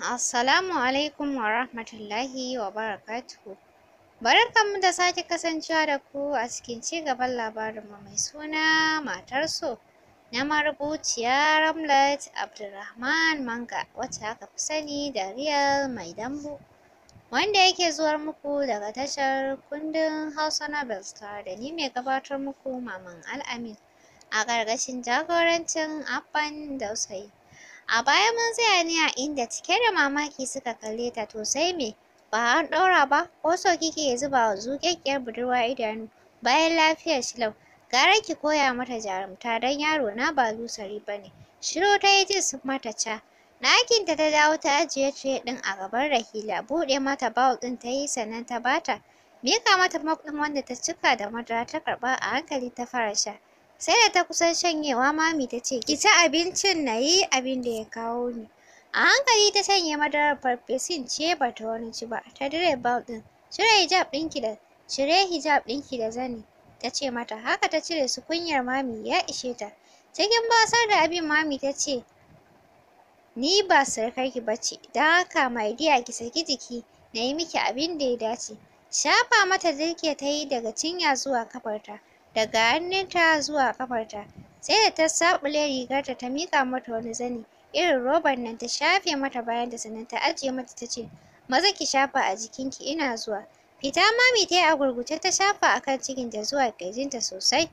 Assalamu alaikum wa rahmatullahi wa barakatuhu. da sake kasancewa da ku a cikin ci gaban labarinmu mai suna matar so na marubuciya Ramlat Abdulrahman Manga wacce aka fi sani da Real Mai Dambu wanda yake zuwar muku daga tashar kundin Hausa Novels da ni mai gabatar muku Maman Al'amin a gargashin jagorancin Abban Dausayi. A baya mun tsaya ne a inda cike da mamaki suka kalle ta to sai me? Ba an ɗaura ba, ko so kike zuba wa zuƙaƙƙiyar budurwa idanu bayan lafiyar Shilau. Gara ki koya mata jarumta don yaro na ba lusari ba ne. Shiro ta yi jin sun mata ca. Ɗakinta ta dawo ta ajiye tire ɗin a gaban Rahila, buɗe mata bawul ɗin ta yi sannan ta bata. Mika mata mop wanda ta cika da madara ta karɓa a hankali ta fara sha. sai da ta kusan shanyewa mami ta ce ki abincin na yi abin da ya kawo ni a hankali ta sanya madarar farfesin ce ba ta wani ci ba ta dire bal cire hijab ɗinki da cire hijab ɗinki da zani ta ce mata haka ta cire su kunyar mami ya ishe ta cikin basar da abin mami ta ce ni ba surukarki ba ce don haka my dear ki saki jiki na yi miki abin da ya dace shafa mata zirki ta yi daga cinya zuwa kafarta daga hannunta zuwa ƙafarta sai da ta saɓule rigarta ta miƙa mata wani zani irin roban nan ta shafe mata bayan ta sannan ta ajiye mata ta ce maza ki shafa a jikinki ina zuwa fita mami tayi a gurguje ta shafa a kan cikinta zuwa ƙirjinta sosai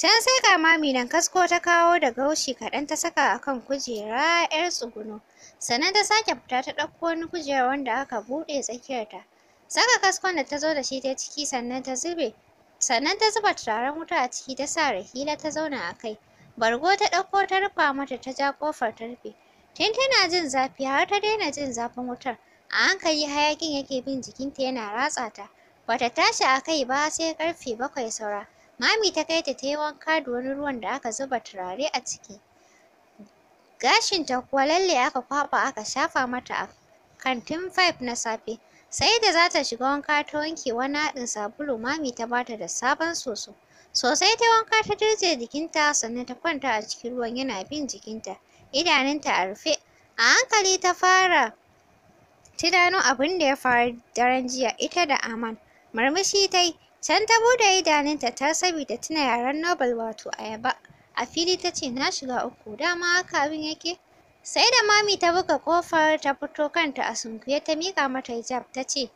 can sai ga mami nan kasko ta kawo da gaushi kaɗan ta saka a kan kujera 'yar tsuguno sannan ta sake fita ta ɗauko wani kujerar wanda aka buɗe tsakiyarta saka kaskon da ta zo da shi ta ciki sannan ta zube sannan ta zuba turaren wuta a ciki ta sa hila ta zauna a kai bargo ta ɗauko ta rufa mata ta ja ƙofar ta rufe tun tana jin zafi har ta daina jin zafin wutar a hankali hayaƙin yake bin jikinta yana ratsa ta bata tashi a kai ba sai ƙarfe bakwai saura mami ta kai ta ta yi wanka da wani ruwan da aka zuba turare a ciki gashinta kuwa lalle aka kwaɓa aka shafa mata a kantin five na safe Sai da zata shiga wanka ta wanke wani haɗin sabulu mami ta bata da sabon soso. Sosai ta wanka ta dirje jikinta sannan ta kwanta a cikin ruwan yana bin jikinta, idanunta a rufe. A hankali ta fara tunano abinda ya faru daren jiya ita da Aman. Murmushi ta yi, can ta buɗe idanunta ta sabida tuna yaren Nobel wato ayaba. A fili ta ce na shiga uku, dama haka abin yake. Sai da mami ta buga ƙofar ta fito kanta a sunkuye ta miƙa mata hijab ta ce,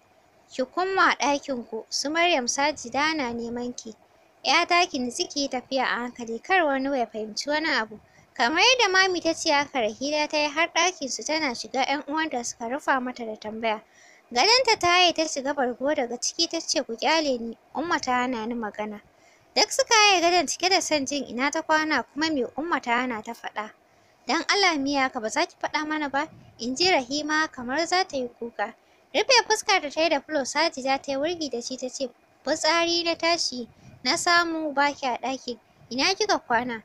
Ki koma ɗakin ku, su Maryam Sajida na neman ki. Ya ki ni ki tafiya a hankali kar wani ya fahimci wani abu. Kamar yadda mami ta ce haka Rahila ta yi har ɗakin su tana shiga ‘yan uwanta suka rufa mata da tambaya. Gadonta ta haye ta shiga bargo daga ciki ta ce ku kyale ni, Umma ta hana ni magana. Duk suka haye gadon cike da son jin ina ta kwana kuma me Umma ta hana ta faɗa. Dan Allah miya ka ba za ki faɗa mana ba? In ji Rahima kamar za ta yi kuka. Rufe fuska da ta yi da fulo za ta yi wurgi da shi ta ce fitsari na tashi na samu ba ki a ɗaki. Ina kika kwana?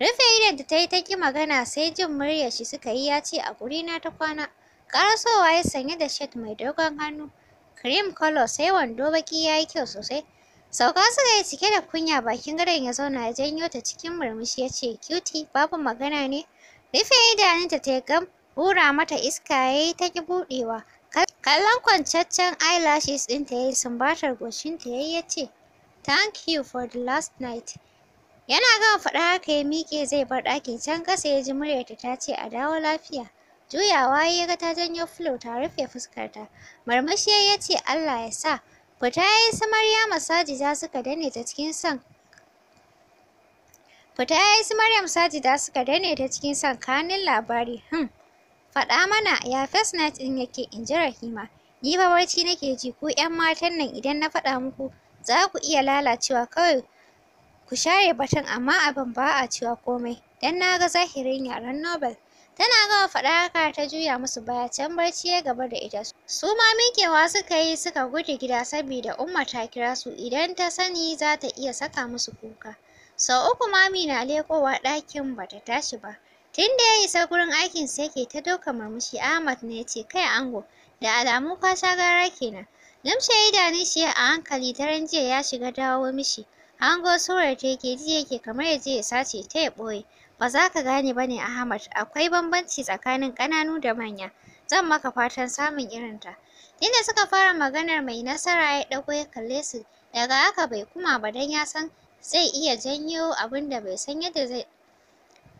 Rufe idan da ta yi ta ƙi magana sai jin murya shi suka yi ya ce a gurina ta kwana. Ƙarasowa ya sanye da shet mai dogon hannu. Cream color sai wando baki ya yi kyau sosai. Sauka suka yi cike da kunya bakin gadon ya zauna ya janyo ta cikin murmushi ya ce cutie babu magana ne. Rufe idanunta ta gam, hura mata iska ya yi ta ki buɗewa. Kallon kwanciyar eyelashes ɗinta yi sumbatar goshinta yi ya ce, Thank you for the last night. Yana gama faɗa haka ya miƙe zai bar ɗakin can ƙasa ya ji muryarta ta ce a dawo lafiya. Juyawa ya ga ta janyo filo ta rufe fuskarta. Marmashi ya ce Allah ya sa. Fita ya yi su Maryama suka dane ta cikin son Fita ya yi su Maryam Sajida suka daina ta cikin son kanin labari. Hmm. Faɗa mana ya first night ɗin yake in ji Rahima. Ni fa barci nake ji ku ƴan matan nan idan na faɗa muku za ku iya lalacewa kawai ku share batun amma abin ba a cewa komai dan na ga zahirin yaren Nobel. Tana gama faɗa haka ta juya musu baya can barci ya gaba da ita. Su ma miƙewa suka yi suka gudu gida saboda Umma ta kira su idan ta sani za ta iya saka musu kuka. Sau uku mami na lekowa ɗakin ba ta tashi ba. Tun da ya isa gurin aikin sa yake ta doka murmushi Ahmad ne ya ce kai ango da alamu kwasa gara kenan. ya idanun shi a hankali daren jiya ya shiga dawo mishi. Ango surar ta yake ji yake kamar ya je ya sace ta ya ɓoye. Ba za ka gane ba ne Ahmad akwai bambanci tsakanin ƙananu da manya. Zan maka fatan samun irin ta. Inda suka fara maganar mai nasara ya ɗago ya kalle su daga haka bai kuma ba don ya san zai iya janyo abin bai san yadda zai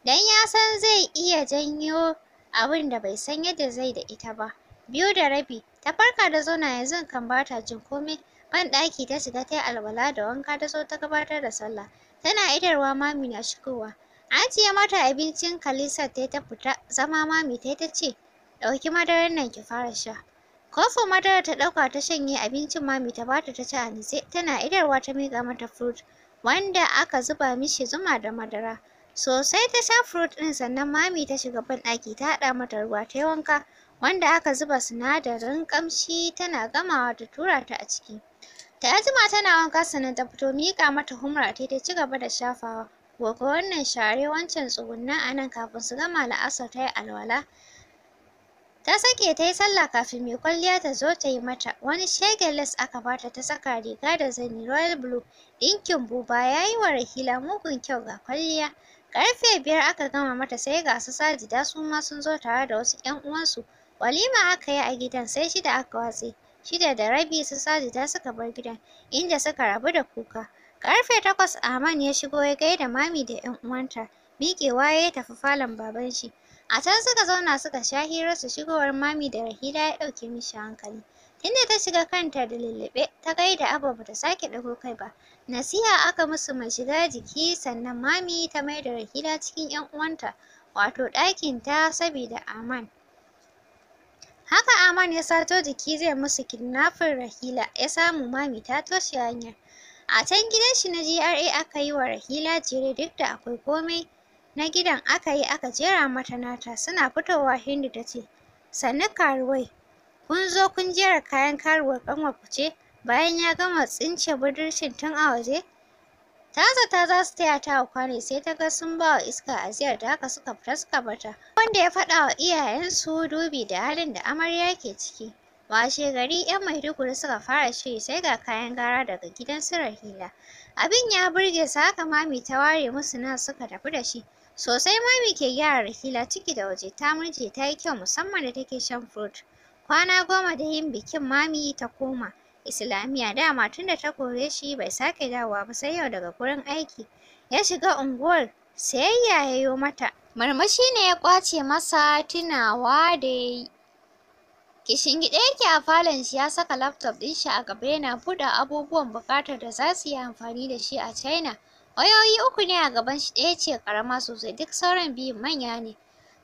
dan ya san zai iya janyo abin da bai san yadda zai da ita ba biyu da rabi ta farka da zauna yanzu kan ba ta jin komai ban ɗaki ta shiga ta yi alwala da wanka ta zo ta gabatar da sallah tana idarwa mami na shigowa an ciye mata abincin kalisa ta ta fita zama mami ta ta ce ɗauki madarar nan ki fara sha kofin madarar ta ɗauka ta shanye abincin mami ta bata ta ci a nitse tana idarwa ta miƙa mata fruit wanda aka zuba mishi zuma da madara. Sosai ta sha furut ɗin sannan mami ta shiga banɗaki ta haɗa mata ruwa ta yi wanka wanda aka zuba sinadarin ƙamshi tana gamawa da tura ta a ciki. Ta jima tana wanka sannan ta fito miƙa mata humra ta ta ci gaba da shafawa. Goge wannan share wancan tsugunna anan kafin su gama la'asar ta yi alwala Ta sake ta yi sallah kafin mai kwalliya ta zo ta yi mata. Wani shegen les aka bata ta saka riga da zani royal blue. Ɗinkin buba ya yi wa Rahila mugun kyau ga kwalliya. Karfe biyar aka gama mata sai ga su Sajida su ma sun zo tare da wasu ‘yan uwansu. Walima aka yi a gidan sai shida aka watse. Shida da rabi su Sajida suka bar gidan, inda suka rabu da kuka. Karfe takwas Aman ya shigo ya gaida mami da ‘yan uwanta. Miƙewa ya tafi falon baban shi. A can suka zauna suka sha hira su shigowar mami da Rahila ya ɗauke mishi hankali. Tunda ta shiga kanta da lullube ta gaida Abba bata sake ɗago kai ba. Nasiha aka musu mai shiga jiki sannan mami ta mai da Rahila cikin 'yan uwanta wato ta sabida Aman. Haka Aman ya sato jiki zai musu kinnafin Rahila ya samu mami ta toshe hanyar. A can gidan shi na GRA aka yi wa Rahila jere duk da akwai komai. na gidan aka yi aka jera mata nata suna fitowa Hindu ta ce sannu karuwai kun zo kun jera kayan karuwar ƙanwarku ce bayan ya gama tsince budurcin tun a waje ta ta za su taya ta kwane sai ta ga sun ba wa iska ziyar da haka suka fita suka bata wanda ya faɗa wa iyayensu dubi da halin da amarya ke ciki washe gari yan maiduguri suka fara shiri sai ga kayan gara daga gidan su rahila abin ya burge su haka mami ta ware musu na suka tafi da shi Sosai mami ke gyara Rahila ciki da waje ta murje ta yi kyau musamman da take shan fruit. Kwana goma da yin bikin mami ta koma. Islamiyya dama tun ta kore shi bai sake dawowa ba sai yau daga gurin aiki. Ya shiga unguwar sayayya ya yo mata. Murmushi ne ya kwace masa tunawa da ya yi. Kishingiɗe yake a falon shi ya saka laptop ɗin shi a gaba yana buɗe abubuwan buƙatar da za su yi amfani da shi a China. Wayoyi uku ne a gaban shi ɗaya ce ƙarama sosai duk sauran biyun manya ne.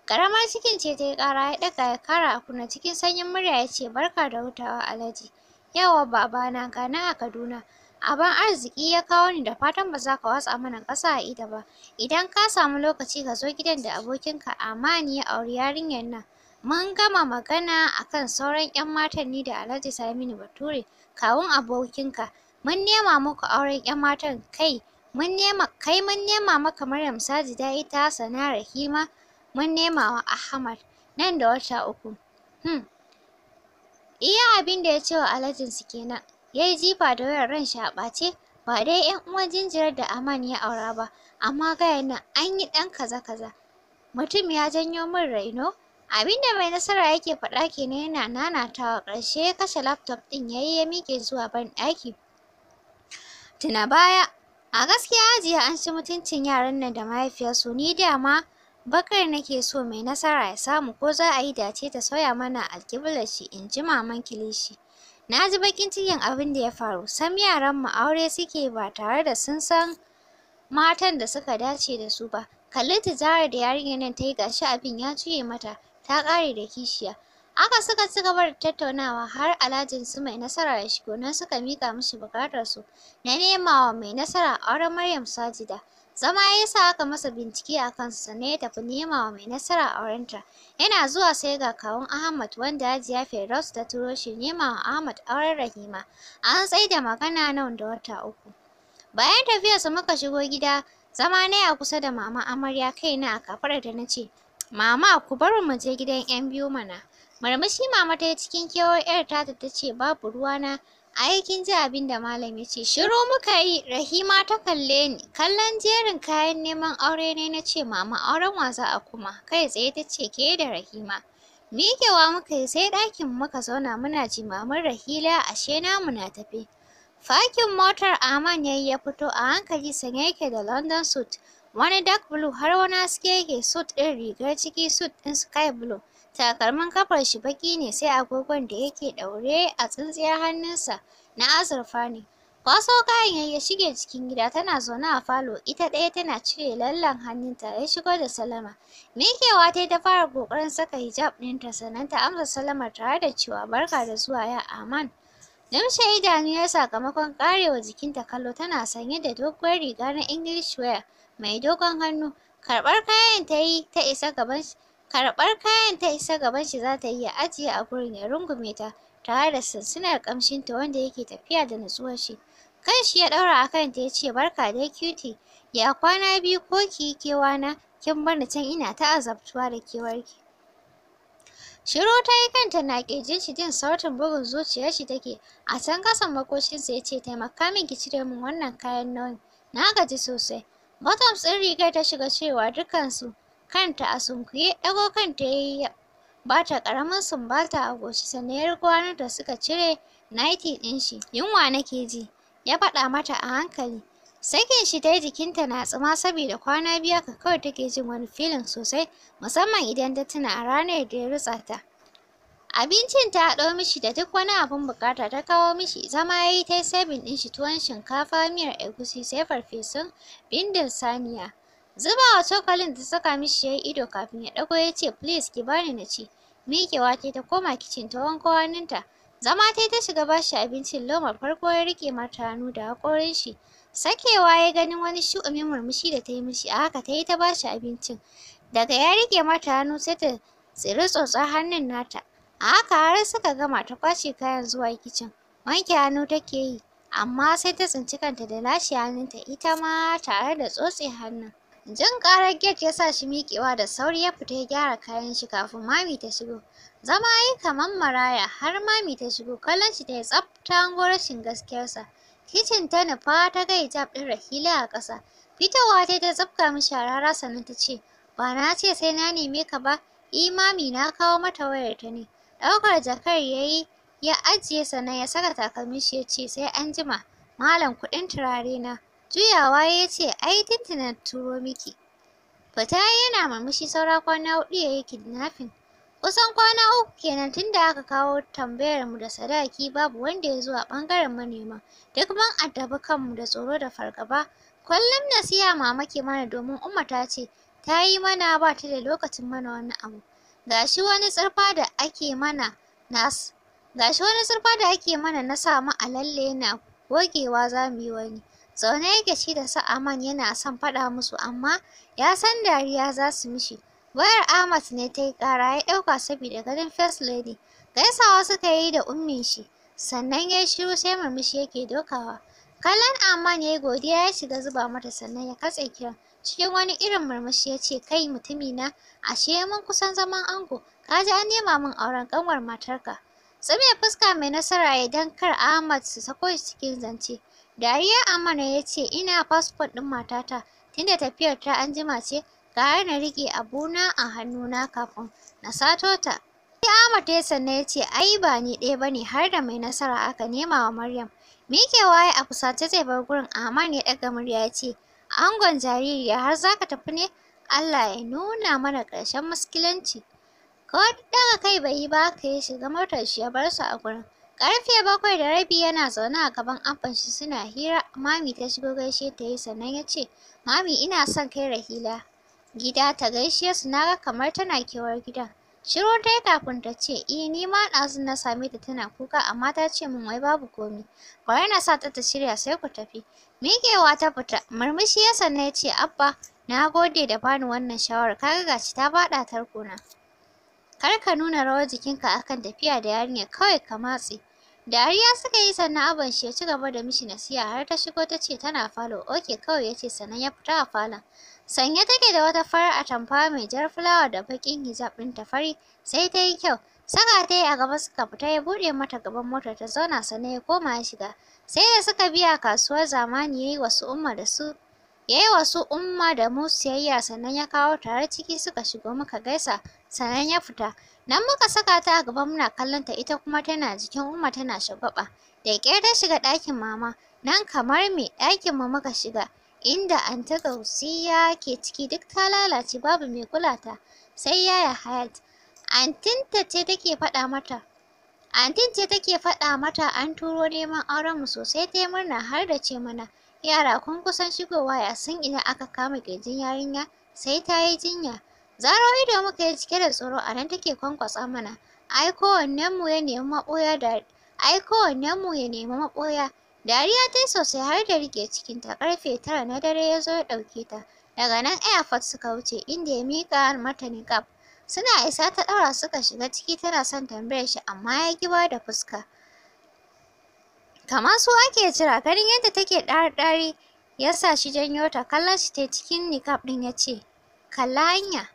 Ƙaramar cikin ce ta yi ƙara ya ɗaga ya kara a kunne cikin sanyin murya ya ce barka da hutawa Alhaji. Yawa babana ga gana a Kaduna. Abin arziki ya kawo ni da fatan ba za ka watsa mana ƙasa a ido ba. Idan ka samu lokaci ka zo gidan da abokinka Amani ya auri yarinyar nan. Mun gama magana a kan sauran 'yan matan ni da Alhaji Saminu Bature, kawun abokinka. Mun nema muku auren 'yan matan kai. mun nema kai mun nema maka Maryam Sajida ita sana'a, Rahima mun nema wa Ahmad nan da wata uku hmm iya abin da ya ce wa su kenan ya jifa da wayar ran shi a ɓace ba dai yan uwan jinjirar da Aman ya aura ba amma gaya nan an yi ɗan kaza kaza mutum ya janyo min raino abin da mai nasara yake faɗa kenan yana nanatawa ƙarshe ya kashe laptop ɗin yayi ya miƙe zuwa banɗaki tuna baya A gaskiya Hajiya an ci mutuncin yaran nan da mahaifiyarsu ni dama Bakar nake so mai nasara ya samu ko za a yi dace ta sauya mana alƙiblar shi in ji maman kilishi. Na ji baƙin cikin abin da ya faru, sam yaran mu aure suke ba tare da sun san matan da suka dace da su ba. Kalli tijarar da yarinyar nan ta yi ga shi abin ya juye mata, ta ƙare da kishiya. Aka suka ci gaba da tattaunawa har alhajin su mai nasara ya shigo nan suka mika mishi bukatar su na nema wa mai nasara auren Maryam Sajida. Zama ya sa aka masa bincike a kansu sannan ya tafi nema wa mai nasara aurenta. Yana zuwa sai ga kawun Ahmad wanda ya jiya ta turo shi nema wa Ahmad auren Rahima. An da magana nan da wata uku. Bayan tafiyarsa muka shigo gida, zama na a kusa da mama amarya kaina a kafaɗarta na ce, Mama ku bar mu je gidan 'yan biyu mana. Marmashi mama ta yi cikin kewar 'yar ta ta ce babu ruwana. na kin ji abin da malam ya ce. Shiru muka yi, Rahima ta kalle ni. Kallon jerin kayan neman aure ne na ce mama auren wa za a kuma. Kai tsaye ta ce ke da Rahima. Miƙewa muka yi sai ɗakin muka zauna muna jimamin Rahila ashe namu na tafi. Fakin motar Aman ya ya fito a hankali sanye yake da London suit. Wani dark blue har wani haske yake suit ɗin rigar ciki suit ɗin sky blue. takalmin kafar shi baki ne sai agogon da yake ɗaure a tsintsiyar hannunsa na azurfa ne kwaso kayan ya shige cikin gida tana zaune a falo ita ɗaya tana cire lallan hannunta ya shigo da salama mikewa tayi ta fara ƙoƙarin saka hijab ɗinta sannan ta amsa salama tare da cewa barka da zuwa ya aman shaida idanu ya sakamakon ƙarewa jikinta kallo tana sanye da doguwar riga na English wear mai dogon hannu karɓar kayan ta yi ta isa gaban shi. Karɓar kayan ta isa gaban shi za ta iya ajiye a gurin ya rungume ta tare da sansunar ta wanda yake tafiya da natsuwar shi. Kan shi ya ɗaura a kanta ya ce barka dai cutie, ya kwana biyu ko ki yi kewana, kin bar ni can ina ta azabtuwa da kewarki. Shiru ta yi kanta na ƙirjin shi jin sautin bugun zuciyar shi take, a can ƙasan sa ya ce taimaka min ki cire min wannan kayan nauyin, na gaji sosai. Bottoms ɗin rigar ta shiga cewa dukansu kanta a sunkuye ɗago kanta yayi ba ta ƙaramin sumbata a goshi sannan ya da suka cire naiti ɗin shi yunwa nake ji ya faɗa mata a hankali sakin shi dai jikinta na tsuma saboda kwana biyu ka kawai take jin wani filin sosai musamman idan ta tuna a ranar da ya rutsa ta abincin ta haɗo mishi da duk wani abin buƙata ta kawo mishi zama yayi tayi sabin ɗin shi tuwon shinkafa miyar egusi sai farfesun bindin saniya Zuba wa cokalin ta saka mishi yayi ido kafin ya ɗago ya ce please ki bani na ci. Miƙewa ta ta koma kicin ta wanko hannunta. Zama ta yi ta shiga bashi abincin lomar farko ya rike mata hannu da haƙorin shi. Sakewa ya ganin wani shu'umin murmushi da ta yi mishi a haka ta yi ta bashi abincin. Daga ya rike mata hannu sai ta tsiri tsotsa hannun nata. A haka har suka gama ta kwashe kayan zuwa kicin. Wanke hannu take yi, amma sai ta tsinci kanta da lashe hannunta ita ma tare da tsotse hannun. Jin ƙarar gate ya sa shi miƙewa da sauri ya fita ya gyara kayan shi kafin mami ta shigo. Zama yi kamar maraya har mami ta shigo kallon shi ta yi tsaf ta hango rashin gaskiyarsa. Kicin ta nufa ta ga hijab ɗin Rahila a ƙasa. Fitowa ta ta tsafka mishi rara sannan ta ce, ba na ce sai na neme ka ba, imami e, na kawo mata wayar ta ne. Ɗaukar jakar ya yi ya ajiye sannan ya saka takalmin shi ya ce sai an jima, malam kuɗin turare na. Juyawa ya ce, ai tinti turo miki. Fita yana murmushi saura kwana hudu ya yi kidnapping. Kusan kwana uku kenan tun da aka kawo tambayar mu da sadaki babu wanda ya zuwa ɓangaren manema. Duk mun addabi kanmu da tsoro da fargaba. Kullum nasiha mama ke mana domin Umma ta ce ta yi mana ba ta da lokacin mana wani abu. Ga shi wani tsirfa da ake mana na ga wani tsirfa da ake mana na sa mu a lalle na gogewa za mu yi wani. Zaune yake shi da su Aman yana son faɗa musu amma ya san dariya za su mishi. Wayar Ahmad ne ta yi ƙara ya ɗauka saboda ganin First Lady. Gaisawa suka yi da ummin shi, sannan ya shiru sai murmushi yake dokawa. Kallon Aman ya yi godiya ya shiga zuba mata sannan ya katse kiran. Cikin wani irin murmushi ya ce, Kai mutumi na, ashe mun kusan zaman ango, ka ji an nema min auren ƙanwar matarka. Tsame fuska mai nasara ya kar Ahmad su sako shi cikin zance. Dariya amana ya ce, ina fasfon ɗin matata, tunda tafiyar ta an jima ce, gara na riƙe abuna a hannuna kafin na sato ta. Sai Ahmad ya sanna ya ce, ai ba ni ɗaya ba ne har da mai nasara aka nema wa Maryam. Mike waye a fusace zai bar gurin Aman ya ɗaga murya ya ce, angon jaririya har za ka tafi ne? Allah ya nuna mana ƙarshen muskilanci. Ko ɗaga kai bai yi ba ka yi, shiga motar shi ya bar su a gurin. Karfe bakwai da rabi yana zaune a gaban abban shi suna hira, Mami ta shigo gaishe ta yi sannan ya ce, Mami ina son kai Rahila gida ta gaishe su na ga kamar tana kewar gidan. Shiru ta yi kafin ta ce, Eh ni ma ɗazu na same ta tana kuka amma ta ce min wai babu komi. Bari na sa ta ta shirya sai ku tafi." Miƙewa ta fita, murmushi ya sanna ya ce, "Abba, na gode da bani wannan shawarar, ga gashi ta faɗa tarkona." Kar ka nuna rawar jikinka akan tafiya da yarinya kawai ka matse. Dariya suka yi sannan abin shi ya ci gaba da mishi nasiha har ta shigo ta ce tana falo oke kawai ya ce sannan ya fita a falon. Sanye take da wata farar atamfa mai jar fulawa da baƙin hijab ta fari sai ta yi kyau. Saka ta yi a gaba suka fita ya buɗe mata gaban motar ta zauna sannan ya koma ya shiga. Sai da suka biya kasuwar zamani ya yi wasu umma da su ya yi wasu umma da mu siyayya sannan ya kawo tare ciki suka shigo muka gaisa sannan ya fita nan muka saka ta a gaba muna kallon ta ita kuma tana jikin umma tana shagwaɓa da ƙyar ta shiga ɗakin mama nan kamar me ɗakin mu muka shiga inda anta ya ke ciki duk ta lalace babu mai kula ta sai yaya Hayat antinta ce take faɗa mata antin ce take faɗa mata an turo neman auren mu sosai ta murna har da ce mana Yara kun kusan shigowa ya san idan aka kama ƙirjin yarinya sai ta yi jinya. Zaro ido muka yi cike da tsoro a nan take kwankwasa mana. Ai kowannenmu ya nemi maɓoya da ai kowannenmu ya nemi maɓoya. Dariya ta yi sosai har da rike cikinta ƙarfe tara na dare ya zo ya ɗauke ta. Daga nan airfort suka wuce inda ya miƙa mata niƙaf. Suna isa ta ɗaura suka shiga ciki tana son tambayar shi amma ya ƙi ba da fuska. kamar su ake jira ganin yadda take ɗari-ɗari ya sa shi janyo ta kallon shi ta cikin niqab ɗin ya ce kalla hanya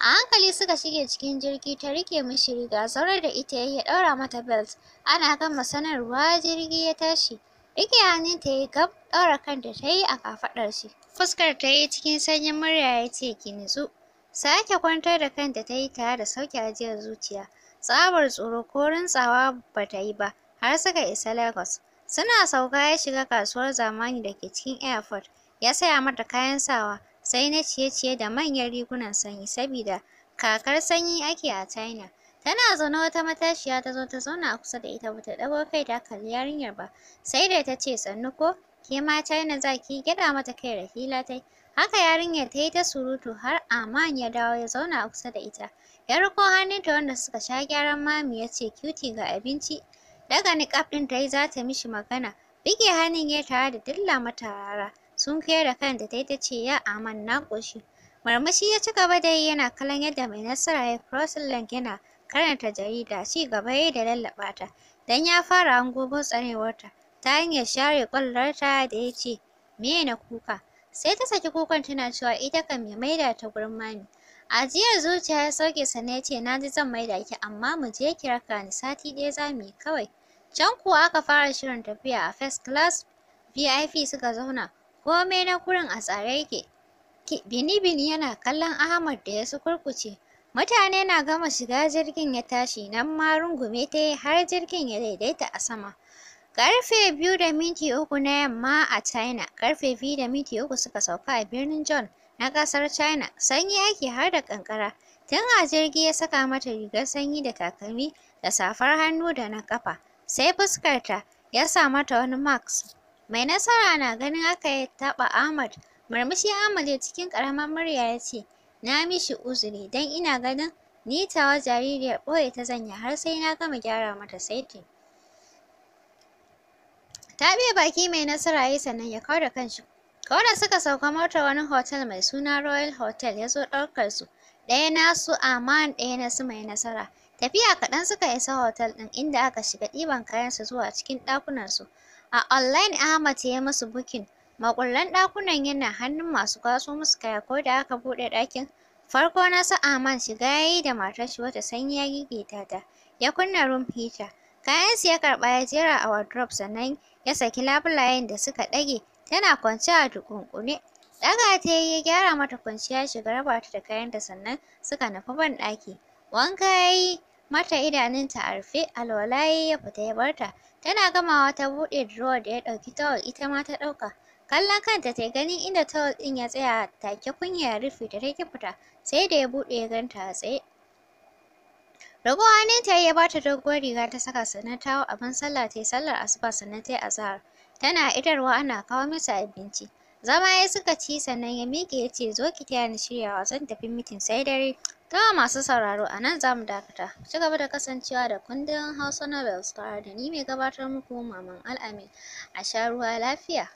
a hankali suka shige cikin jirgi ta rike mishi riga saurar da ita ya ɗaura mata belt ana gama sanarwa jirgi ya tashi rike hannun ta yi gab ɗaura kanta ta yi a kafaɗar shi fuskar ta yi cikin sanyin murya ya ce ki nutsu sake kwantar da kanta ta yi tare da sauke ajiyar zuciya tsabar tsoro ko rantsawa ba ta yi ba har suka isa Lagos. Suna sauka ya shiga kasuwar zamani da ke cikin airport, ya saya mata kayan sawa, sai na ciye-ciye da manyan rigunan sanyi sabida kakar sanyi ake a China. Tana zaune wata matashiya ta zo ta zauna a kusa da ita bata ɗago kai ta kalli yarinyar ba, sai dai ta ce sannu ko, ke ma China za ki gyaɗa mata kai da hila tai. Haka yarinyar ta yi ta surutu har Aman ya dawo ya zauna a kusa da ita. Ya riƙo hannunta wanda suka sha gyaran mami ya ce cutie ga abinci. Daga niƙaf ɗin tayi yi za ta mishi magana. Riƙe hannun ya tare da dilla mata rara. Sun kuyar da kanta ta yi ta ce ya aman na ƙoshi. Marmashi ya ci gaba da yi yana kallon yadda mai nasara ya crossing leg yana karanta jarida ci gaba yai da lallaɓa ta. Dan ya fara hango tsarewarta ta ta hanyar share ta da ya ce me na kuka. Sai ta saki kukan tana cewa ita kam ya maida ta gurin mami. Ajiyar zuciya ya sauke sannan ya ce na ji zan maida ki amma mu je ki raka ni sati ɗaya za mu yi kawai. Can kuwa aka fara shirin tafiya a first class VIP suka zauna komai na kurin a tsare yake. Bini-bini yana kallon Ahmad da ya sukurkuce. Mutane na gama shiga jirgin ya tashi nan ma rungume ta yi har jirgin ya daidaita a sama. Karfe biyu da minti uku na yamma a China, karfe biyu da minti uku suka sauka a birnin John. na ƙasar China, sanyi ake har da ƙanƙara. Tun a jirgi ya saka mata rigar sanyi da takalmi da safar hannu da na ƙafa. Sai fuskarta ya sa mata wani mask. Mai nasara na ganin aka ya taɓa Ahmad. Murmushi Ahmad ya cikin ƙaramar murya ya ce, Na mishi uzuri don ina ganin ni tawa jaririyar ɓoye ta zanya har sai na gama gyara mata saiti. Ta biya baki mai nasara ya sannan ya kauda da kanshi Kawai da suka sauka motar wani hotel mai suna Royal Hotel ya zo ɗaukar su. Ɗaya na su Aman ɗaya na su mai nasara. Tafiya kaɗan suka isa hotel ɗin inda aka shiga ɗiban kayansu zuwa cikin ɗakunansu. A online Ahmad ya musu bukin. maƙullan ɗakunan yana hannun masu kwaso musu kaya ko da aka buɗe ɗakin. Farko na su Aman shiga ya yi da matar shi wata sanyi ya gigita ta. Ya kunna room heater. Kayansu ya karɓa ya jera a wardrobe sannan ya saki labulayen da suka ɗage tana kwance a dukunkune daga ta yi ya gyara mata kwanciya shiga raba ta da kayanta sannan suka nufi banɗaki wanka ya yi mata idanunta a rufe alwala ya yi ya fita ya barta. tana gamawa ta buɗe drawer da ya ɗauki tawul ita ma ta ɗauka kallon kanta ta ganin inda tawul ɗin ya tsaya take kunya ya rufe ta ta fita sai da ya buɗe ya ganta a tsaye Rago hannunta ya bata doguwar riga ta saka sannan ta hau abin sallah ta yi sallar asuba sannan ta yi azahar. Tana idarwa ana kawo musu abinci. Zama ya suka ci sannan ya miƙe ya ce zo ki taya ni shiryawa zan tafi mitin sai dare. wa masu sauraro a nan za mu dakata. Ci gaba da kasancewa da kundin Hausa Novels tare da ni mai gabatar muku Maman Al'amin. A sha ruwa lafiya.